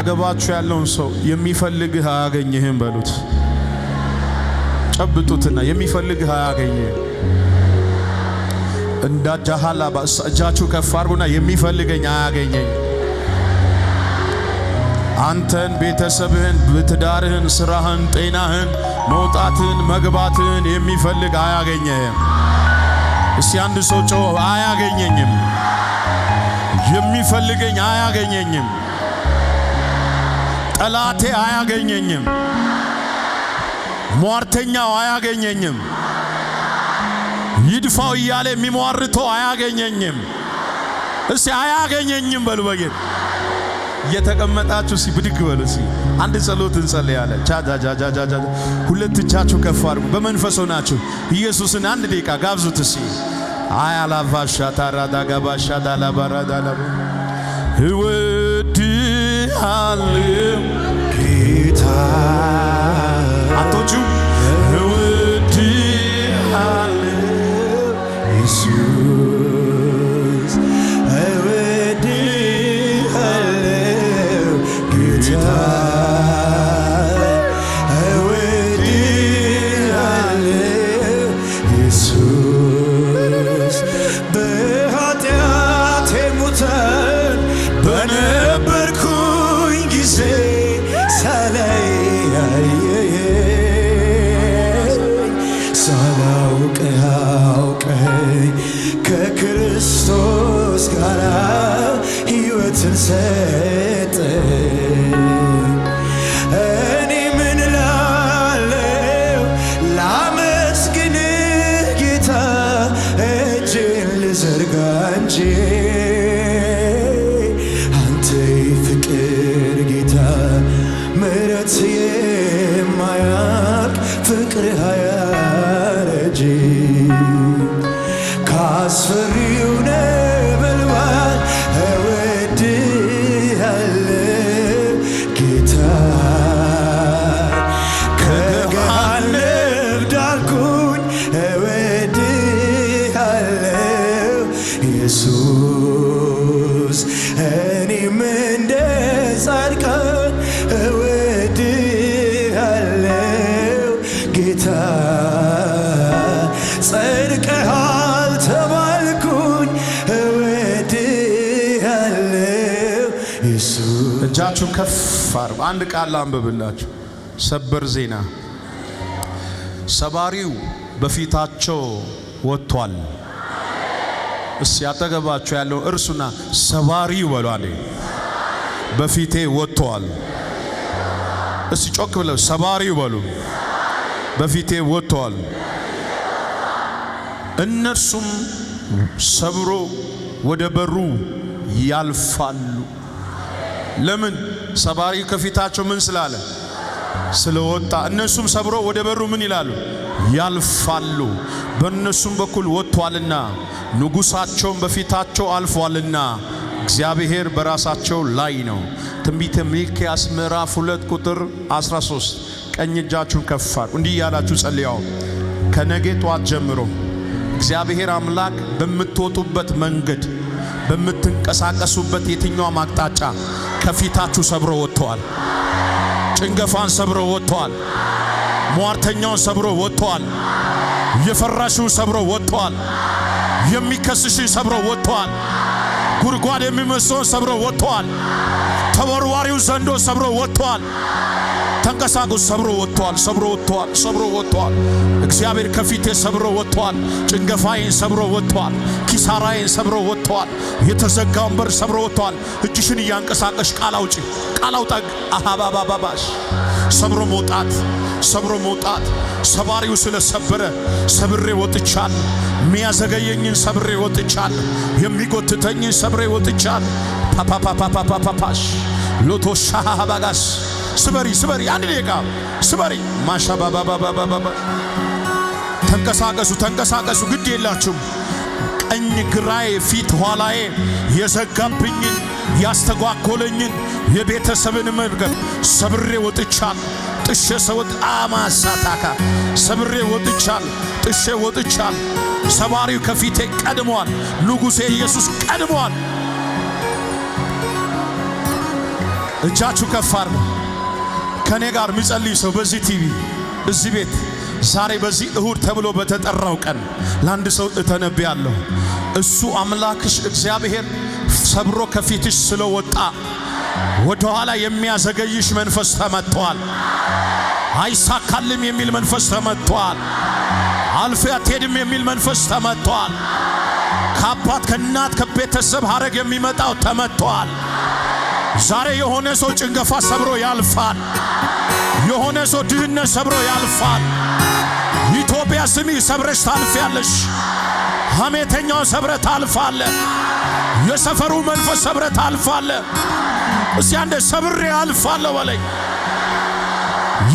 አጠገባችሁ ያለውን ሰው የሚፈልግህ አያገኝህም በሉት። ጨብጡትና የሚፈልግህ አያገኝህም። እንዳ ጃሃላ ባስ እጃችሁ ከፍ አድርጉና የሚፈልገኝ አያገኘኝ። አንተን፣ ቤተሰብህን፣ ብትዳርህን፣ ስራህን፣ ጤናህን፣ መውጣትህን፣ መግባትህን የሚፈልግ አያገኘህም። እስቲ አንድ ሰው ጮ አያገኘኝም፣ የሚፈልገኝ አያገኘኝም። ጠላቴ አያገኘኝም፣ ሟርተኛው አያገኘኝም፣ ይድፋው እያለ የሚሟርተው አያገኘኝም። እስቲ አያገኘኝም በሉ በጌት እየተቀመጣችሁ ሲ ብድግ በሉ ሲ አንድ ጸሎት እንጸልያለን። ቻጃጃጃጃ ሁለት እጃችሁ ከፍ አድርጉ። በመንፈሶ ናችሁ። ኢየሱስን አንድ ደቂቃ ጋብዙት። ሲ አያላቫሻ ታራዳጋባሻ ዳላባራዳላ ህይወት Hallelujah. Guitar. I told you. እጃችሁ ከፍ አርጉ። አንድ ቃል አንብብላችሁ ሰበር ዜና ሰባሪው በፊታቸው ወጥቷል። እስ ያጠገባቸው ያለው እርሱና ሰባሪው በሏል። በፊቴ ወጥቷል። እስ ጮክ ብለው ሰባሪው በሉ። በፊቴ ወጥቷል። እነርሱም ሰብሮ ወደ በሩ ያልፋሉ። ለምን ሰባሪ ከፊታቸው ምን ስላለ ስለወጣ እነሱም ሰብሮ ወደ በሩ ምን ይላሉ ያልፋሉ። በእነሱም በኩል ወጥቷልና ንጉሳቸውም በፊታቸው አልፏልና እግዚአብሔር በራሳቸው ላይ ነው። ትንቢተ ሚክያስ ምዕራፍ 2 ቁጥር 13 ቀኝ እጃችሁን ከፍ አድርጉ። እንዲህ ያላችሁ ጸልያው ከነገ ጧት ጀምሮ እግዚአብሔር አምላክ በምትወጡበት መንገድ በምትንቀሳቀሱበት የትኛውም አቅጣጫ ከፊታችሁ ሰብሮ ወጥተዋል። ጭንገፋን ሰብሮ ወጥተዋል። ሟርተኛውን ሰብሮ ወጥተዋል። የፈራሽውን ሰብሮ ወጥተዋል። የሚከስሽን ሰብሮ ወጥተዋል። ጉድጓድ የሚመስለውን ሰብሮ ወጥተዋል። ተወርዋሪው ዘንዶ ሰብሮ ወጥተዋል። ተንቀሳቅሱ። ሰብሮ ወጥቷል፣ ሰብሮ ወጥቷል፣ ሰብሮ ወጥቷል። እግዚአብሔር ከፊቴ ሰብሮ ወጥቷል። ጭንገፋዬን ሰብሮ ወጥቷል። ኪሳራዬን ሰብሮ ወጥቷል። የተዘጋውን በር ሰብሮ ወጥቷል። እጅሽን እያንቀሳቀሽ ቃል አውጪ፣ ቃል አውጣግ አሃባባባባሽ ሰብሮ መውጣት ሰብሮ መውጣት ሰባሪው ስለሰበረ ሰብሬ ወጥቻል። የሚያዘገየኝን ሰብሬ ወጥቻል። የሚጎትተኝን ሰብሬ ወጥቻል። ፓፓፓፓፓፓፓሽ ሎቶ ሻሃባጋስ ስበሪ ስበሪ፣ አንድ ደቂቃ ስበሪ። ማሻባባባባባባ ተንቀሳቀሱ፣ ተንቀሳቀሱ፣ ግድ የላችሁም። ቀኝ ግራዬ፣ ፊት ኋላዬ የዘጋብኝን ያስተጓጎለኝን የቤተሰብን መብገብ ሰብሬ ወጥቻል። ጥሼ ሰውት አማሳታካ ሰብሬ ወጥቻል። ጥሼ ወጥቻል። ሰባሪው ከፊቴ ቀድሟል። ንጉሴ ኢየሱስ ቀድሟል። እጃችሁ ከፍ አድርጉ። ከእኔ ጋር የሚጸልይ ሰው በዚህ ቲቪ እዚህ ቤት ዛሬ በዚህ እሁድ ተብሎ በተጠራው ቀን ለአንድ ሰው እተነብያለሁ። እሱ አምላክሽ እግዚአብሔር ሰብሮ ከፊትሽ ስለወጣ ወደ ኋላ የሚያዘገይሽ መንፈስ ተመጥቷል። አይሳካልም የሚል መንፈስ ተመጥቷል። አልፎ አትሄድም የሚል መንፈስ ተመጥቷል። ከአባት ከእናት ከቤተሰብ ሀረግ የሚመጣው ተመጥቷል። ዛሬ የሆነ ሰው ጭንገፋ ሰብሮ ያልፋል። የሆነ ሰው ድህነት ሰብሮ ያልፋል። ኢትዮጵያ ስሚ ሰብረሽ ታልፊያለሽ። ሀሜተኛው ሰብረ ታልፋለ። የሰፈሩ መንፈስ ሰብረ ታልፋለ። እስቲ አንዴ ሰብሬ አልፋለሁ በለኝ።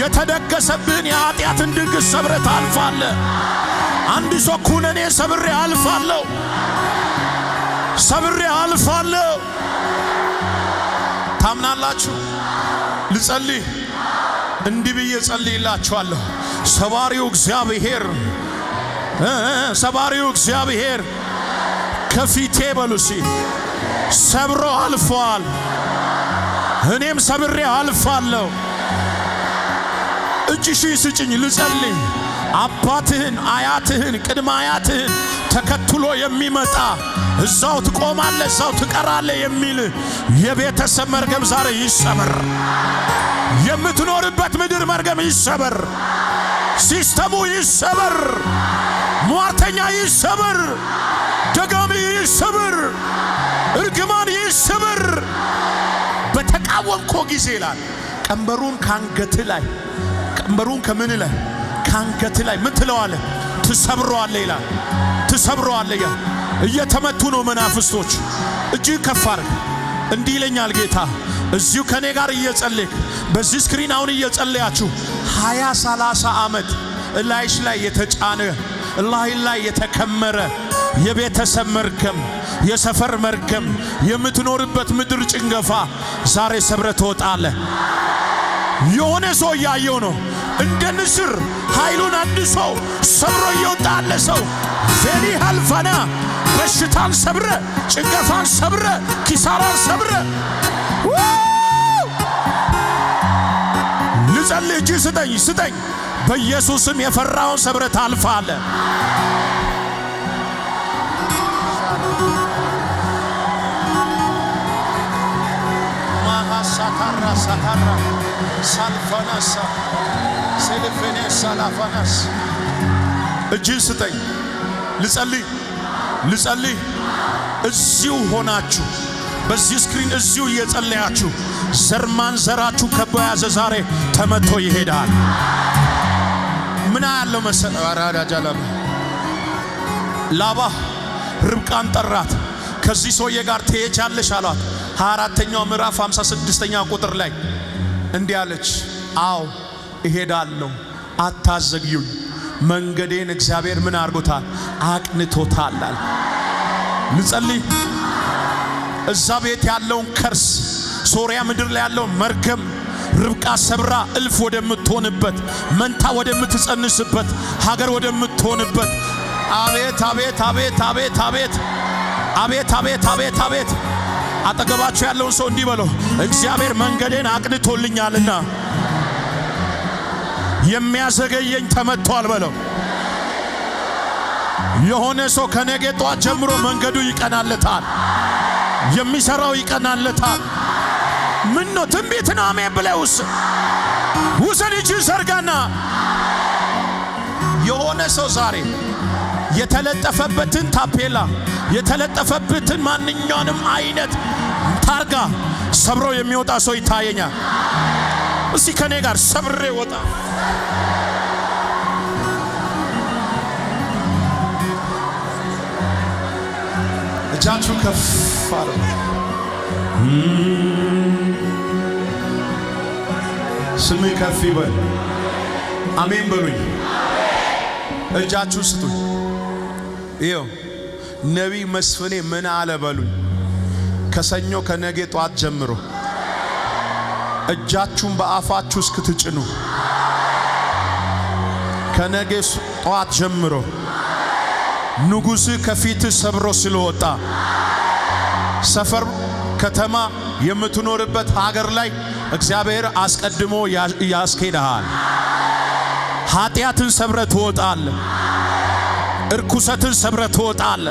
የተደገሰብን የኃጢአትን ድግስ ሰብረ ታልፋለ። አንድ ሰው ኩነኔ ሰብሬ አልፋለሁ፣ ሰብሬ አልፋለሁ ታምናላችሁ? ልጸልይ። እንዲህ ብዬ ጸልይላችኋለሁ። ሰባሪው እግዚአብሔር ሰባሪው እግዚአብሔር ከፊቴ በሉሲ ሰብሮ አልፏል። እኔም ሰብሬ አልፋለሁ። እጅሽ ስጭኝ ልጸልይ። አባትህን፣ አያትህን፣ ቅድመ አያትህን ተከትሎ የሚመጣ እዛው ትቆማለህ፣ እዛው ትቀራለህ የሚል የቤተሰብ መርገም ዛሬ ይሰበር። የምትኖርበት ምድር መርገም ይሰበር። ሲስተሙ ይሰበር። ሟርተኛ ይሰበር። ደጋሚ ይሰበር። እርግማን ይሰበር። በተቃወምኮ ጊዜ ይላል ቀንበሩን ከአንገት ላይ ቀንበሩን ከምን ላይ ከአንገት ላይ ምን ትለዋለ? ትሰብረዋለ ይላል። ትሰብረዋለ ይላል። እየተመቱ ነው መናፍስቶች። እጅህ ከፍ አድርግ። እንዲህ ይለኛል ጌታ እዚሁ ከኔ ጋር እየጸለይክ በዚህ ስክሪን አሁን እየጸለያችሁ ሃያ ሰላሳ ዓመት እላይሽ ላይ የተጫነ እላይ ላይ የተከመረ የቤተሰብ መርገም፣ የሰፈር መርገም፣ የምትኖርበት ምድር ጭንገፋ ዛሬ ሰብረ ትወጣለ። የሆነ ሰው እያየው ነው እንደ ንስር ኃይሉን አድሶ ሰብሮ እየወጣ አለ ሰው ፌኒ አልፋና በሽታን ሰብረ፣ ጭንቀፋን ሰብረ፣ ኪሳራን ሰብረ ልጸልህ እጅ ስጠኝ ስጠኝ። በኢየሱስም የፈራውን ሰብረ ታልፋ አለ ማሃ ሳታራ ሳታራ ሳልፈነሳ ሴልፌኔስ እጅን ስጠኝ ልጸልይ ልጸልይ። እዚሁ ሆናችሁ በዚህ ስክሪን እዚሁ እየጸለያችሁ ዘር ማንዘራችሁ ከቦ ያዘ ዛሬ ተመቶ ይሄዳል። ምን ያለው መሰለ አራዳጃላ ላባ ርብቃን ጠራት። ከዚህ ሰውዬ ጋር ትሄጃለሽ አሏት። 24ኛው ምዕራፍ 56ኛ ቁጥር ላይ እንዲህ አለች፣ አዎ እሄዳለሁ፣ አታዘግዩኝ። መንገዴን እግዚአብሔር ምን አድርጎታል? አቅንቶታላል። ልጸልይ። እዛ ቤት ያለውን ከርስ ሶሪያ ምድር ላይ ያለውን መርገም ርብቃ ሰብራ እልፍ ወደምትሆንበት መንታ ወደምትጸንስበት ሀገር ወደምትሆንበት አቤት አቤት አቤት አቤት አቤት አቤት አቤት አቤት አቤት አጠገባቸው ያለውን ሰው እንዲህ በለው፣ እግዚአብሔር መንገዴን አቅንቶልኛልና የሚያዘገየኝ ተመቷል በለው። የሆነ ሰው ከነገ ጧት ጀምሮ መንገዱ ይቀናለታል፣ የሚሰራው ይቀናለታል። ምን ነው ትንቢት ነው አሜን ብለውስ ውሰን እጅ ዘርጋና የሆነ ሰው ዛሬ የተለጠፈበትን ታፔላ የተለጠፈበትን ማንኛውንም አይነት ታርጋ ሰብሮ የሚወጣ ሰው ይታየኛል። እስቲ ከኔ ጋር ሰብሬ ወጣ እጃችሁ ከፍ አረ ስሜ ከፍ ይበል። አሜን በሉኝ። እጃችሁ ስጡኝ። ይኸው ነቢይ መስፍኔ ምን አለ በሉኝ። ከሰኞ ከነገ ጧት ጀምሮ እጃችሁን በአፋችሁ እስክትጭኑ ከነገስ ጠዋት ጀምሮ ንጉሥ ከፊት ሰብሮ ስለወጣ ሰፈር፣ ከተማ፣ የምትኖርበት ሀገር ላይ እግዚአብሔር አስቀድሞ ያስኬድሃል። ኃጢአትን ሰብረ ትወጣል። እርኩሰትን ሰብረ ትወጣል።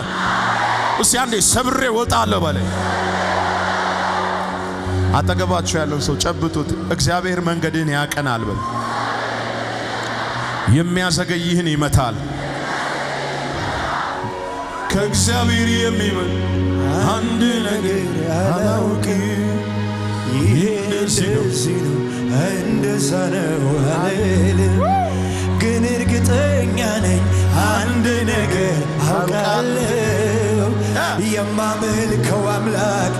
እስቲ አንዴ ሰብሬ ወጣለሁ በለ። አጠገባችሁ ያለው ሰው ጨብጡት። እግዚአብሔር መንገድን ያቀናል በለ። የሚያዘገይህን ይመታል። ከእግዚአብሔር የሚመን አንድ ነገር አላውቅ ይህ እንደዚህ ነው እንደዛ ነው አልልም፣ ግን እርግጠኛ ነኝ አንድ ነገር አውቃለሁ የማመልከው አምላክ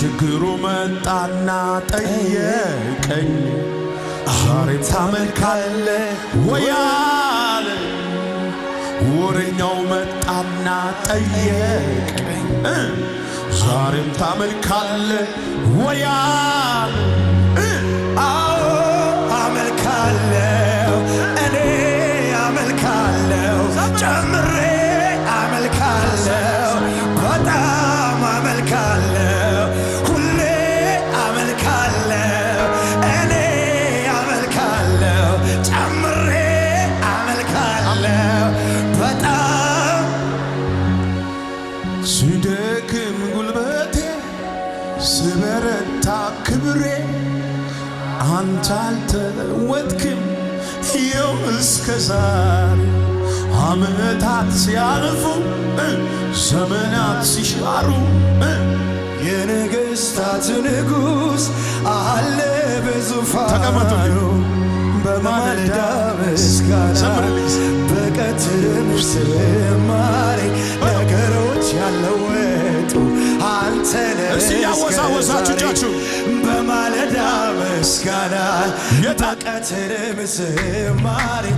ችግሩ መጣና ጠየቀኝ። ዛሬም ታመልካለ ወያለ ወሬኛው መጣና ጠየቀኝ። ዛሬም ታመልካለ ወያለ ዓመታት ሲያልፉ ዘመናት ሲሻሩ የነገስታት ንጉስ አለ በዙፋኑ በማለዳ ምስጋና በቀትር ምስማሬ ነገሮች ያለወጡ አንተ ነስያወሳወሳችሁ በማለዳ ምስጋና በቀትር ምስማሬ